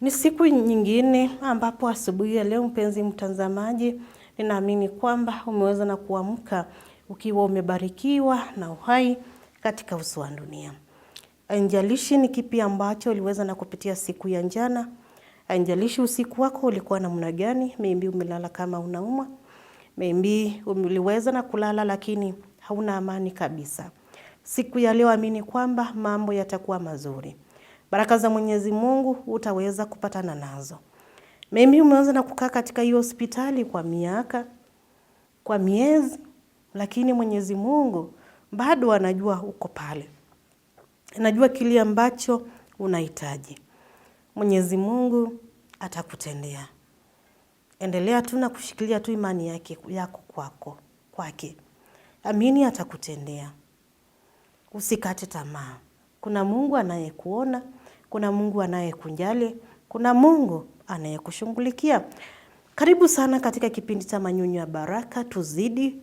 Ni siku nyingine ambapo asubuhi ya leo, mpenzi mtazamaji, ninaamini kwamba umeweza na kuamka ukiwa umebarikiwa na uhai katika uso wa dunia. Haijalishi ni kipi ambacho uliweza na kupitia siku ya jana, haijalishi usiku wako ulikuwa namna gani, maybe umelala kama unaumwa, maybe uliweza na kulala lakini hauna amani kabisa. Siku ya leo amini kwamba mambo yatakuwa mazuri baraka za Mwenyezi Mungu utaweza kupatana nazo. mimi umeanza na kukaa katika hiyo hospitali kwa miaka, kwa miezi, lakini Mwenyezi Mungu bado anajua uko pale, anajua kile ambacho unahitaji. Mwenyezi Mungu atakutendea. Endelea tu na kushikilia tu imani yake yako kwako kwake, amini atakutendea. Usikate tamaa. Kuna Mungu anayekuona, kuna Mungu anayekunjali, kuna Mungu anayekushughulikia. Karibu sana katika kipindi cha Manyunyu ya Baraka, tuzidi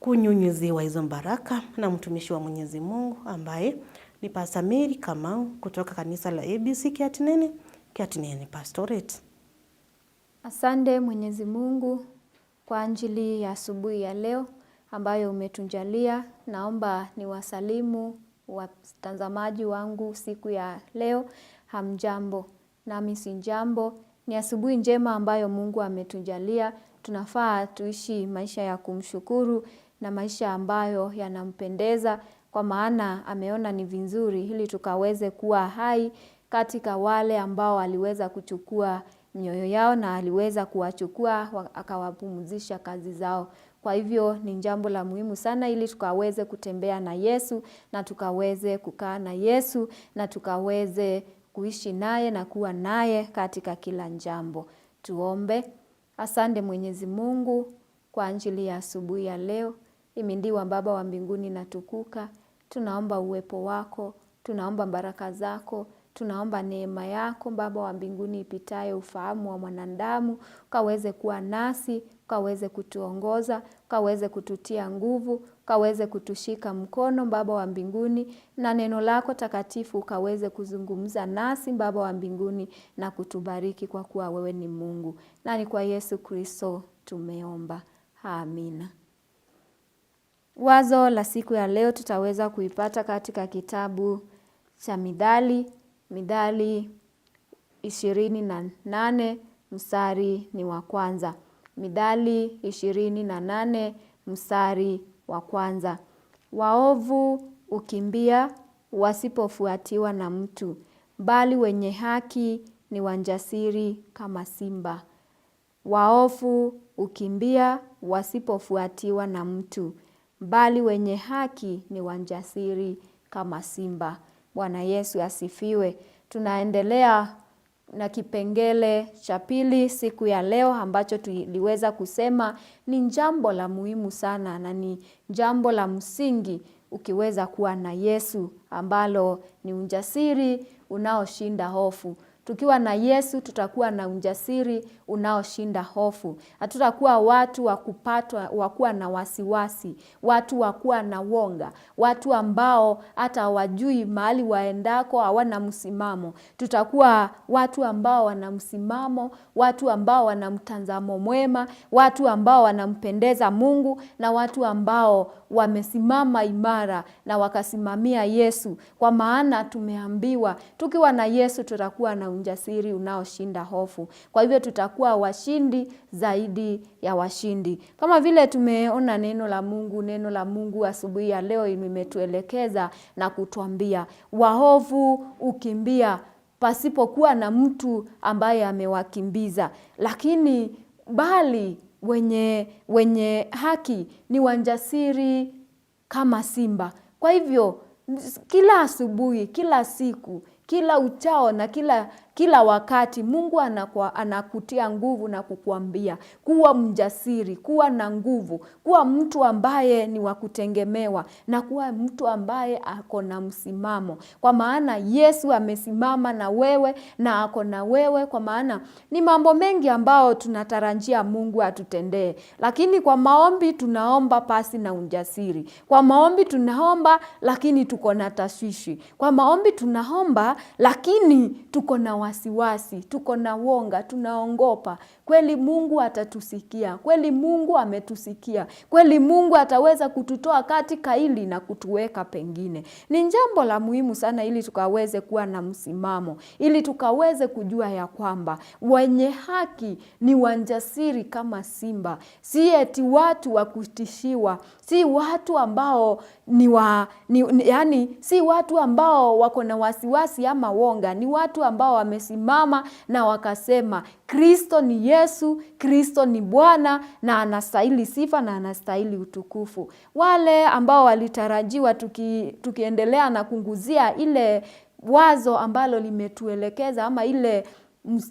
kunyunyuziwa hizo baraka na mtumishi wa Mwenyezi Mungu ambaye ni Mary Kamau kutoka kanisa la ABC Kiatineni, Kiatineni Pastorate. Asante Mwenyezi Mungu kwa ajili ya asubuhi ya leo ambayo umetunjalia Naomba niwasalimu watazamaji wangu siku ya leo, hamjambo, nami si jambo. Ni asubuhi njema ambayo Mungu ametujalia. Tunafaa tuishi maisha ya kumshukuru na maisha ambayo yanampendeza, kwa maana ameona ni vizuri ili tukaweze kuwa hai katika wale ambao aliweza kuchukua mioyo yao na aliweza kuwachukua akawapumzisha kazi zao. Kwa hivyo ni jambo la muhimu sana ili tukaweze kutembea na Yesu na tukaweze kukaa na Yesu na tukaweze kuishi naye na kuwa naye katika kila jambo. Tuombe. Asante Mwenyezi Mungu kwa ajili ya asubuhi ya leo. Imindiwa Baba wa mbinguni natukuka. Tunaomba uwepo wako, tunaomba baraka zako, tunaomba neema yako Baba wa mbinguni ipitaye ufahamu wa mwanadamu, ukaweze kuwa nasi, ukaweze kutuongoza kaweze kututia nguvu, kaweze kutushika mkono Baba wa mbinguni, na neno lako takatifu kaweze kuzungumza nasi Baba wa mbinguni na kutubariki, kwa kuwa wewe ni Mungu, na ni kwa Yesu Kristo tumeomba, amina. Wazo la siku ya leo tutaweza kuipata katika kitabu cha midhali midhali ishirini na nane mstari ni wa kwanza midhali ishirini na nane mstari wa kwanza. Waovu ukimbia wasipofuatiwa na mtu, bali wenye haki ni wanjasiri kama simba. Waovu ukimbia wasipofuatiwa na mtu, bali wenye haki ni wanjasiri kama simba. Bwana Yesu asifiwe. Tunaendelea na kipengele cha pili siku ya leo ambacho tuliweza kusema ni jambo la muhimu sana na ni jambo la msingi ukiweza kuwa na Yesu ambalo ni ujasiri unaoshinda hofu. Tukiwa na Yesu tutakuwa na ujasiri unaoshinda hofu. Hatutakuwa watu wa kupatwa wakuwa na wasiwasi, watu wakuwa na wonga, watu ambao hata wajui mahali waendako, hawana msimamo. Tutakuwa watu ambao wana msimamo, watu ambao wana mtazamo mwema, watu ambao wanampendeza Mungu na watu ambao wamesimama imara na wakasimamia Yesu, kwa maana tumeambiwa tukiwa na Yesu tutakuwa na ujasiri unaoshinda hofu. Kwa hivyo tutakuwa washindi zaidi ya washindi. Kama vile tumeona neno la Mungu, neno la Mungu asubuhi ya leo imetuelekeza na kutuambia, wahofu ukimbia pasipokuwa na mtu ambaye amewakimbiza, lakini bali wenye wenye haki ni wajasiri kama simba. Kwa hivyo kila asubuhi, kila siku kila uchao na kila kila wakati Mungu anakuwa, anakutia nguvu na kukuambia kuwa mjasiri, kuwa na nguvu, kuwa mtu ambaye ni wa kutegemewa na kuwa mtu ambaye ako na msimamo, kwa maana Yesu amesimama na wewe na ako na wewe. Kwa maana ni mambo mengi ambayo tunatarajia Mungu atutendee, lakini kwa maombi tunaomba pasi na ujasiri. Kwa maombi tunaomba lakini tuko na tashwishi. Kwa maombi tunaomba lakini tuko na wasiwasi, tuko na wonga, tunaongopa, Kweli Mungu atatusikia, kweli Mungu ametusikia, kweli Mungu ataweza kututoa katika hili na kutuweka pengine. Ni jambo la muhimu sana, ili tukaweze kuwa na msimamo, ili tukaweze kujua ya kwamba wenye haki ni wanjasiri kama simba, si eti watu wa kutishiwa, si watu ambao ni wa, ni, yani, si watu ambao wako na wasiwasi ama wonga, ni watu ambao wamesimama na wakasema Kristo ni Yesu, Kristo ni Bwana na anastahili sifa na anastahili utukufu. Wale ambao walitarajiwa tuki, tukiendelea na kunguzia ile wazo ambalo limetuelekeza ama ile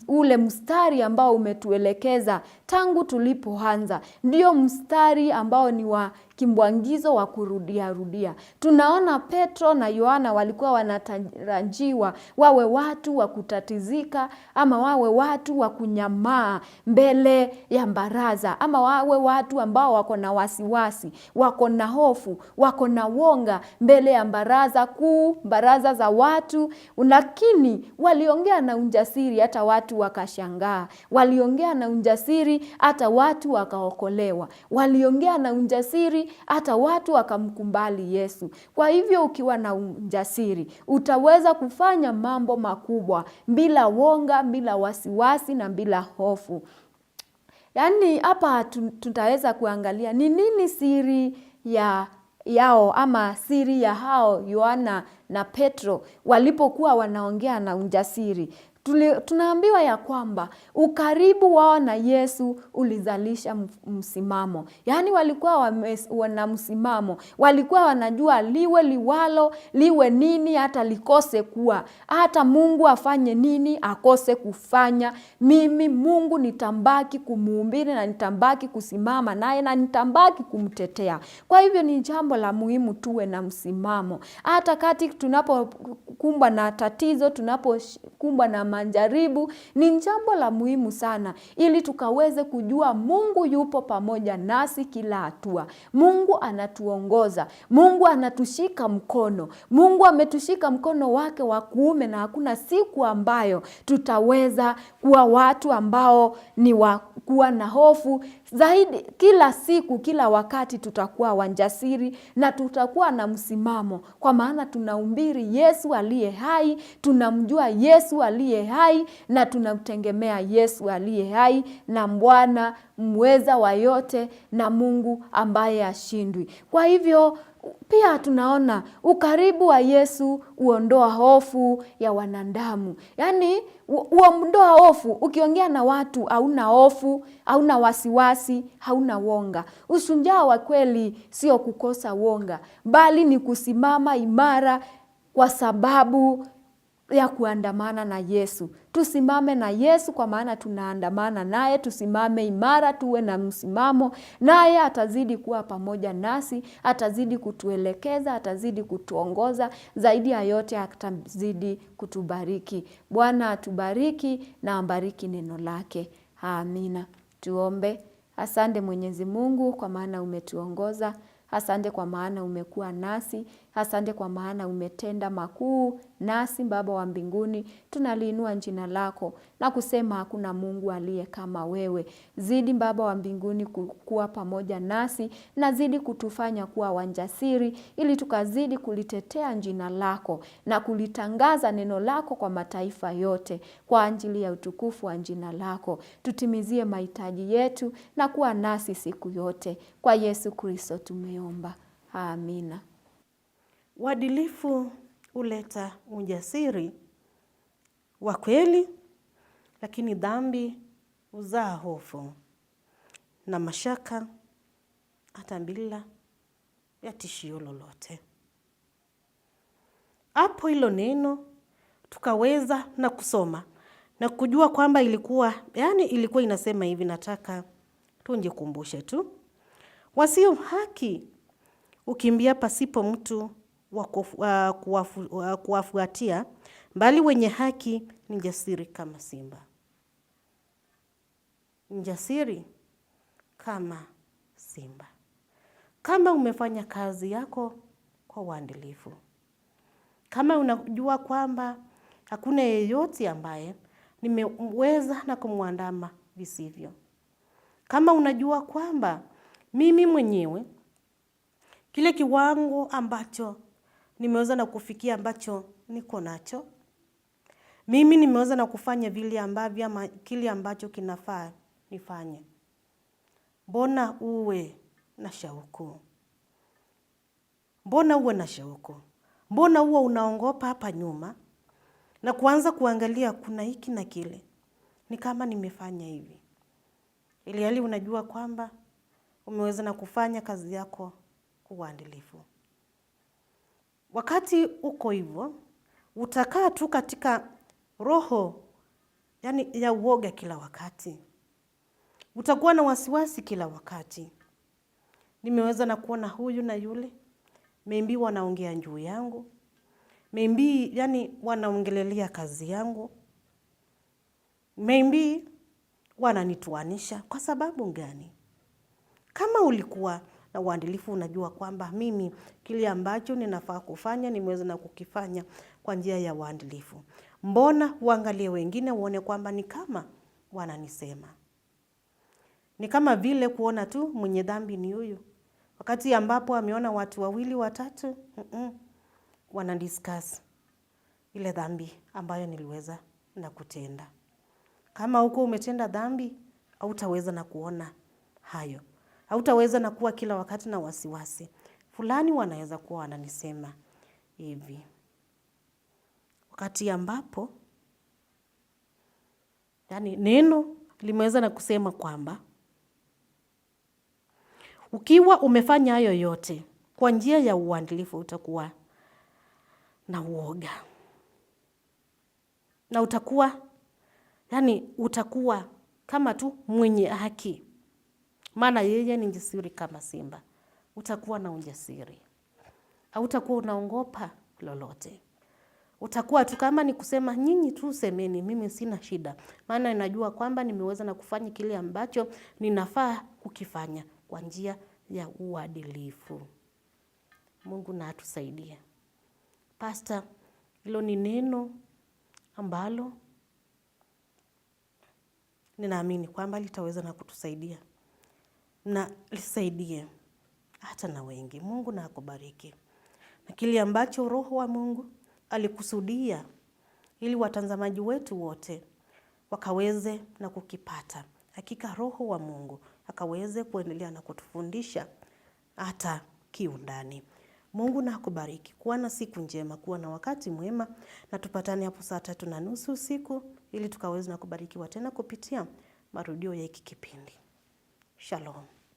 ule mstari ambao umetuelekeza tangu tulipoanza, ndio mstari ambao ni wa kimbwangizo wa kurudia rudia. Tunaona Petro na Yohana walikuwa wanatarajiwa wawe watu wa kutatizika ama wawe watu wa kunyamaa mbele ya baraza ama wawe watu ambao wako na wasiwasi, wako na hofu, wako na wonga mbele ya baraza kuu, baraza za watu. Lakini waliongea na ujasiri, hata watu wakashangaa. Waliongea na ujasiri, hata watu wakaokolewa. Waliongea na ujasiri hata watu wakamkumbali Yesu. Kwa hivyo ukiwa na ujasiri utaweza kufanya mambo makubwa bila wonga, bila wasiwasi na bila hofu. Yaani hapa tutaweza kuangalia ni nini siri ya yao ama siri ya hao Yohana na Petro walipokuwa wanaongea na ujasiri tuli, tunaambiwa ya kwamba ukaribu wao na Yesu ulizalisha msimamo, yaani walikuwa wames, wana msimamo, walikuwa wanajua liwe liwalo liwe nini, hata likose kuwa, hata Mungu afanye nini akose kufanya, mimi Mungu nitambaki kumuumbiri na nitambaki kusimama naye na nitambaki kumtetea. Kwa hivyo ni jambo la muhimu tuwe na msimamo, hata kati tunapokumbwa na tatizo, tunapokumbwa na majaribu ni jambo la muhimu sana, ili tukaweze kujua Mungu yupo pamoja nasi kila hatua. Mungu anatuongoza, Mungu anatushika mkono, Mungu ametushika mkono wake wa kuume, na hakuna siku ambayo tutaweza kuwa watu ambao ni wa kuwa na hofu zaidi. Kila siku, kila wakati tutakuwa wanjasiri na tutakuwa na msimamo, kwa maana tunaumbiri Yesu aliye hai, tunamjua Yesu aliye hai, na tunamtegemea Yesu aliye hai na Bwana mweza wa yote na Mungu ambaye ashindwi Kwa hivyo pia tunaona ukaribu wa Yesu huondoa hofu ya wanadamu, yaani huondoa hofu. Ukiongea na watu hauna hofu, hauna wasiwasi, hauna wonga. Ushujaa wa kweli sio kukosa wonga, bali ni kusimama imara kwa sababu ya kuandamana na Yesu. Tusimame na Yesu kwa maana tunaandamana naye, tusimame imara, tuwe na msimamo, naye atazidi kuwa pamoja nasi, atazidi kutuelekeza, atazidi kutuongoza, zaidi ya yote atazidi kutubariki. Bwana atubariki na ambariki neno lake. Amina. Tuombe. Asante Mwenyezi Mungu kwa maana umetuongoza. Asante kwa maana umekuwa nasi. Asante kwa maana umetenda makuu Nasi Baba wa mbinguni, tunaliinua jina lako na kusema hakuna Mungu aliye kama wewe. Zidi Baba wa mbinguni kuwa pamoja nasi na zidi kutufanya kuwa wanjasiri ili tukazidi kulitetea jina lako na kulitangaza neno lako kwa mataifa yote, kwa ajili ya utukufu wa jina lako. Tutimizie mahitaji yetu na kuwa nasi siku yote, kwa Yesu Kristo tumeomba, amina. Wadilifu huleta ujasiri wa kweli, lakini dhambi huzaa hofu na mashaka, hata bila ya tishio lolote. Hapo hilo neno tukaweza na kusoma na kujua kwamba ilikuwa yani, ilikuwa inasema hivi. Nataka tunjikumbushe tu, wasio haki ukimbia pasipo mtu wa kuwafuatia, bali wenye haki ni jasiri kama simba, ni jasiri kama simba. Kama umefanya kazi yako kwa uadilifu, kama unajua kwamba hakuna yeyote ambaye nimeweza na kumwandama visivyo, kama unajua kwamba mimi mwenyewe kile kiwango ambacho nimeweza na kufikia ambacho niko nacho. Mimi nimeweza na kufanya vile ambavyo ama kile ambacho kinafaa nifanye. Mbona uwe na shauku? Mbona uwe na shauku? Mbona uwe unaongopa hapa nyuma na kuanza kuangalia kuna hiki na kile, ni kama nimefanya hivi, ili hali unajua kwamba umeweza na kufanya kazi yako kwa uadilifu. Wakati uko hivyo, utakaa tu katika roho yani ya uoga kila wakati, utakuwa na wasiwasi kila wakati, nimeweza na kuona huyu na yule, maybe wanaongea juu yangu, maybe yani wanaongelelea kazi yangu, maybe wananituanisha. Kwa sababu gani? Kama ulikuwa na uadilifu, unajua kwamba mimi kile ambacho ninafaa kufanya nimeweza na kukifanya kwa njia ya uadilifu. Mbona uangalie wengine uone kwamba ni kama wananisema. Ni kama vile kuona tu mwenye dhambi ni huyu, wakati ambapo ameona watu wawili watatu mm -mm, wana discuss ile dhambi ambayo niliweza na kutenda. Kama huko umetenda dhambi, hautaweza na kuona hayo hautaweza na kuwa kila wakati na wasiwasi fulani. Wanaweza kuwa wananisema hivi wakati ambapo yani neno limeweza na kusema kwamba ukiwa umefanya hayo yote kwa njia ya uadilifu utakuwa na uoga na utakuwa yani, utakuwa kama tu mwenye haki maana yeye ni jasiri kama simba. Utakuwa na ujasiri, hautakuwa unaongopa lolote. Utakuwa tu kama ni kusema, nyinyi tu semeni, mimi sina shida, maana najua kwamba nimeweza na kufanya kile ambacho ninafaa kukifanya kwa njia ya uadilifu. Mungu na atusaidia. Pasta, hilo ni neno ambalo ninaamini kwamba litaweza na kutusaidia na lisaidie hata na wengi. Mungu na akubariki na kile ambacho Roho wa Mungu alikusudia ili watazamaji wetu wote wakaweze na kukipata. Hakika Roho wa Mungu akaweze kuendelea na kutufundisha hata kiundani. Mungu na akubariki. Kuwa na siku njema, kuwa na wakati mwema, na tupatane hapo saa tatu na nusu usiku ili tukaweze na kubarikiwa tena kupitia marudio ya hiki kipindi. Shalom.